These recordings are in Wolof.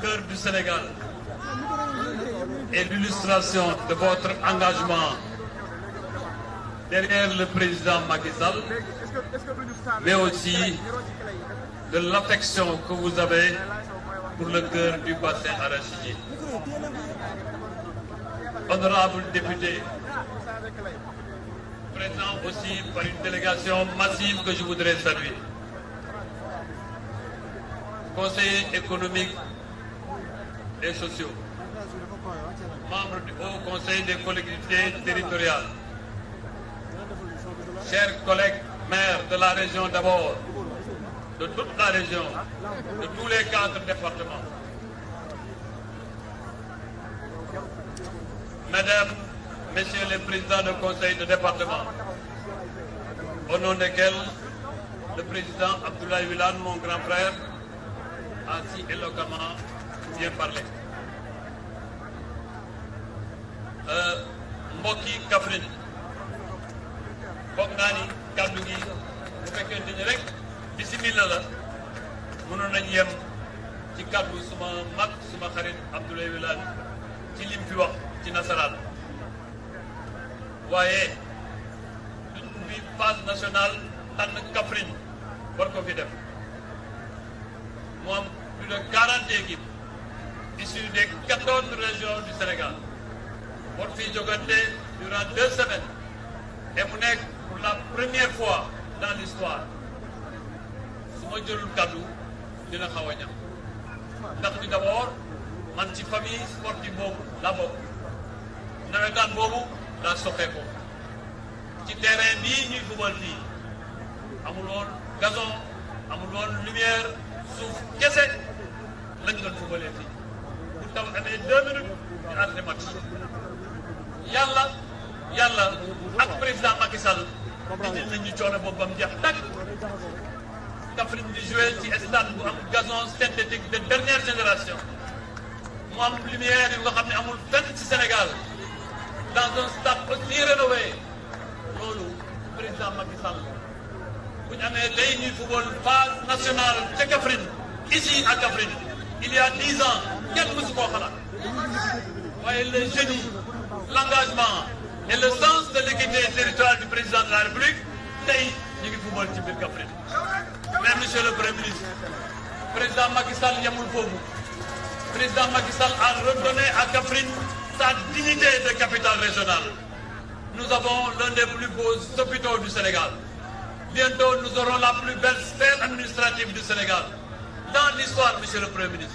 cœur du Sénégal et l'illustration de votre engagement derrière le président Macky Sall, mais aussi de l'affection que vous avez pour le cœur du bassin arachidier. Honorable député, présent aussi par une délégation massive que je voudrais saluer. des sociaux, membre du Haut Conseil des collectivités territoriales, chers collègues maires de la région d'abord, de toute la région, de tous les quatre départements. Mesdames, Messieurs les présidents du conseil de département, au nom desquels le président Abdoulaye Wilane, mon grand frère, a si bien parler euh, mbokk yi Kaffrine foog ni kàddu gi bu fekkente ni rek bisimila la mënoon nañ yem ci kàddu suma mag suma xarit Abdoulaye Wilane ci lim fi wax ci nasaraan waaye duñ ubbi phase nationale tànn Kaffrine war fi def mu am de quarante issus des 14 régions du Sénégal war fi jogante durant deux semaines et mu nekk la première fois dans l'histoire su ma jëlul dina xaw a ñam ndax ñu d'abord man ci famille sportive boobu la bokk nawetaan boobu laa soqee ko ci terrain bii ñuy fubal nii amul woon gazon amul suuf kese lañ doon fubalee fii dama amee deux minutes ñu ànd match yàlla yàlla ak président Macky Sall indil nañu coono boobu ba mu jeex tàkk Kaffrine di joué ci stade bu am gazon synthétique de dernière génération mu am lumière yu nga xam ne amul fenn ci Sénégal dans un stade aussi rénové loolu président Macky Sall bu ñu amee léegi ñuy football phase nationale ca Kaffrine ici à Kaffrine il y a dix ans. kenn mësu koo xalaat waaye le génie l' engagement et le sens de l'équité territoriale du président de la République tey ñu ngi football ci biir Kaffrine président Macky Sall foofu président Macky a redonné à Kaffrine sa dignité de capitale régionale nous avons l'un des plus beaux hôpitaux du Sénégal bientôt nous aurons la plus belle sphère administrative du Sénégal dans l'histoire monsieur le premier ministre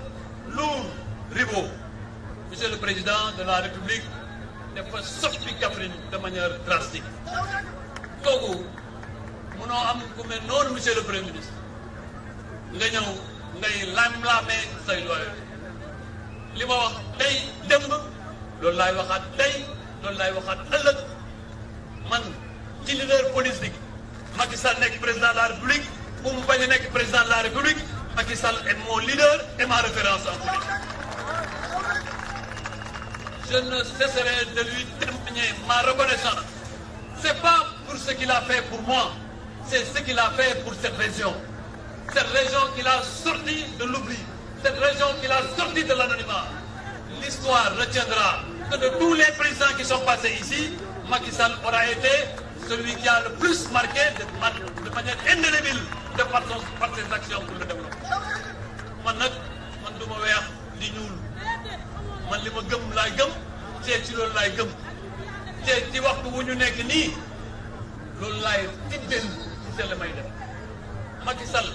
lourd ribot monsieur le président de la république dafa soppi Kaffrine de manière drastique kooku munoo am ku mel noonu monsieur le premier ministre nga ñëw ngay lam-laamee say li ma wax tey démb loolu laay waxaat tey loolu laay waxaat ëllëg man ci leader politique nekk président la république mu bañ a nekk président la république Macky Sall est mon leader et ma référence en politique. Je ne cesserai de lui témoigner ma reconnaissance. C'est pas pour ce qu'il a fait pour moi, c'est ce qu'il a fait pour cette région. Cette région qu'il a sorti de l'oubli, a sorti L'histoire retiendra que de tous les présidents qui sont passés ici, Macky aura été celui qui a le plus marqué de, manière indélébile de par, par ses actions dee ci loolu laay gëm te ci waxtu wu ñu nekk nii loolu laay tiddeel ci te la may def Macky Sall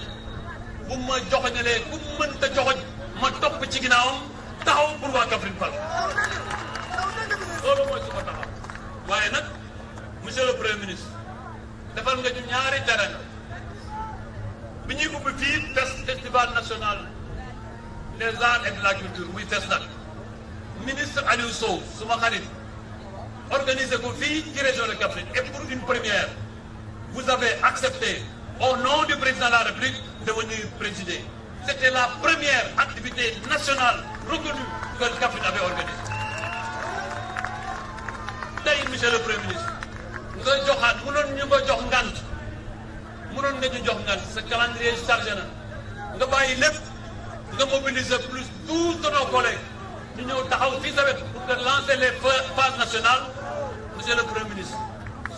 bu ma joxoñalee ku mënta joxoñ ma topp ci ginnaawam taxaw pour waa Kaffrine Fall loolu mooy su ma taxaw waaye nag monsieur le premier ministre defal nga ñu ñaari teranga bi ñuy ubbi fii festival national des arts et de la culture muy FESNAC ministre Aliou Sow suma xarit organisé ko fii ci région de Kaffrine et pour une première vous avez accepté au nom du président la République de venir présider c'était la première activité nationale reconnue que Kaffrine avait organisée tey monsieur le premier ministre nga joxaat mënoon ñu nga jox ngant mënoon nga jox ngant sa calendrier chargé na nga bàyyi lépp nga mobiliser plus douze de nos ñu ñëw taxaw ci sa wet pour que lancer les phases nationales monsieur ministre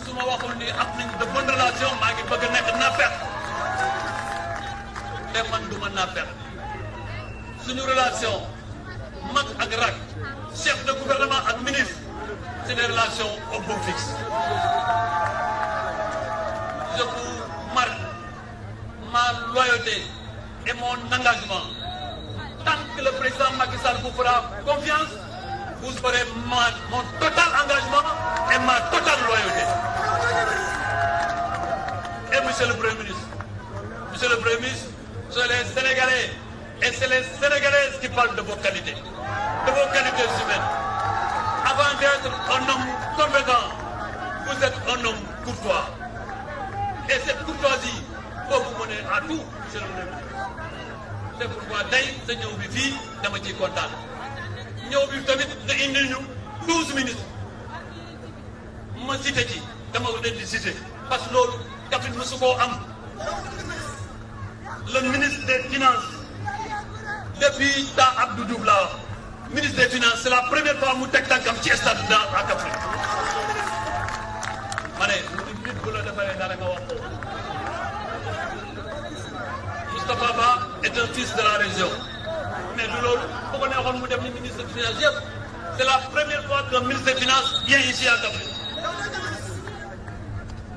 su ma waxul ni am nañ de bonne relation maa ngi bëgg a nekk naafeq te man du ma naafeq suñu relation mag ak rak chef de gouvernement ak ministre c'est des relations au beau fixe je vous marque tant que le président Macky Sall fera confiance, vous aurez ma, mon total engagement et ma totale loyauté. Et monsieur le Premier ministre, monsieur le Premier ministre, c'est les Sénégalais et c'est les Sénégalaises qui parlent de vos qualités, de vos Avant d'être un homme compétent, vous êtes un homme courtois. Et cette courtoisie peut vous mener à tout, monsieur le Premier ministre. c'est pourquoi tey sa ñëw fii dama ciy kontaan ñëw bi tamit nga indil ñu douze ministres ci dama leen di cité parce que loolu dafit mu su koo am le ministre des mu teg nit bu defaree nga wax Moustapha Ba est un fils de la région mais du loolu bu ko neexoon mu dem ni ministre des finances yëpp c'est la première fois qu'un ministre des finances vient ici à Kaffrine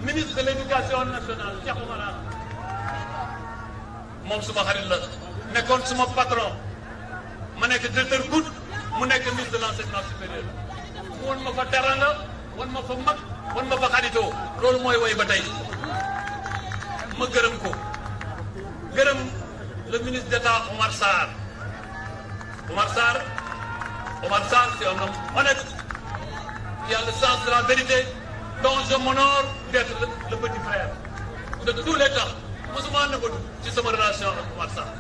ministre de l'éducation nationale Cheikh Oumar Anne moom suma xarit la nekkoon suma patron ma nekk directeur goutte mu nekk ministre de l'enseignement supérieur mu won ma fa teranga won ma fa mag won ma fa xaritoo loolu mooy woy ba tey ma gërëm ko gërëm le ministre d'État Omar Sarr. Omar Sarr, Omar Sarr, c'est un homme honnête, qui a le sens de la vérité, dont je m'honore d'être le, le, petit frère. De tous les temps, Moussouman Naboudou, Omar Sarr.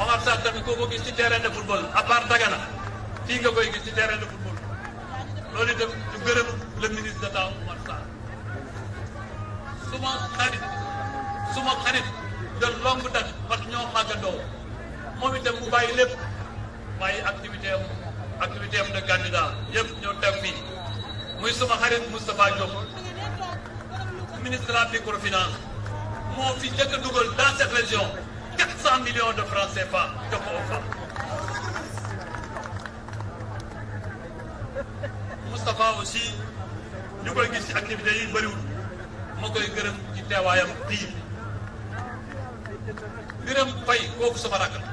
Omar Sarr, tamit kooku gis ci terrain de football, à part Dagana, fii nga koy gis ci terrain de football. loolu itam ñu gërëm le ministre d'État Omar Sarr. suma xarit de longue date parce que moom itam mu lépp bàyyi activité am activité am de candidat yëpp dem fii muy sama xarit Moustapha Diop ministre de la moo fi njëkk a dugal dans cette région 400 millions de francs CFA jox fa Moustapha aussi ñu gis ci activités yi bëriwul koy gërëm ci teewaayam fii. Birame Faye kooku sama rakk la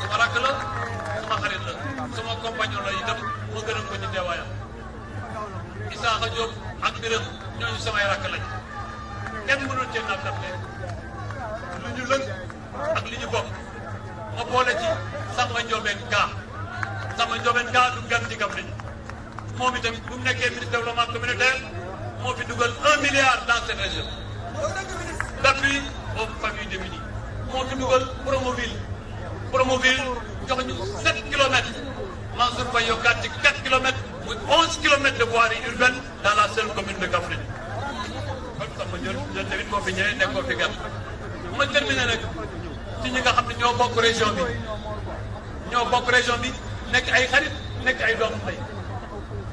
sama xarit la sama compagnon la ma gërëm ko ci teewaayam Isaaxa Diop ak Birame ñooñu samay rakk lañ kenn mënul cee naam daf leen lu ñu lëng ak li ñu bokk ma boole ci Samba Ndiobène Ka Samba Ndiobène Ka du gan ci Kaffrine moom itam bu mu nekkee ministre développement communautaire moo fi dugal un milliard dans cette d'appui aux familles démunies moo fi dugal Promoville Promoville jox ñu 7 kilomètres Mansour Faye yokkaat ci 4 kilomètres muy 11 kilomètres de voirie urbaine dans la seule commune de Kaffrine kon sama jël moo fi ñëwee nekkoon fi gàtt ma terminé nag ci ñi nga xam ne ñoo bokk région bi ñoo bokk région bi nekk ay xarit nekk ay doomu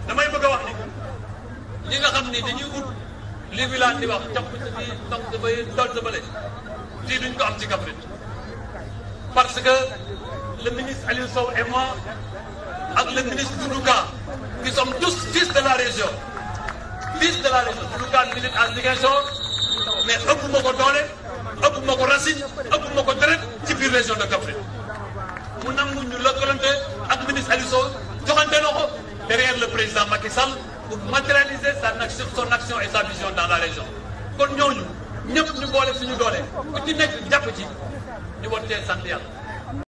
a wax ni ñi xam ni dañuy ut. li Wilane di wax jàpp nañu ndox dafay doon dafale lii duñ ko am ci Kaffrine parce que le ministre Aliou Sow et ak le ministre Doudou Ka nous sommes tous fils de la région fils de la région Doudou Ka milite à Ziguinchor mais ëpp ma ko doole ëpp ma ko racine ëpp ma ko deret ci biir région de Kaffrine mu nangu ñu lëkkalante ak ministre Aliou Sow joxante na ko le président Macky Sall. pour matérialiser sa action son action et sa vision dans la région. kon ñooñu ñëpp ñu boole suñu doole ku ci nekk jàpp ci ñu war cee sant yàlla.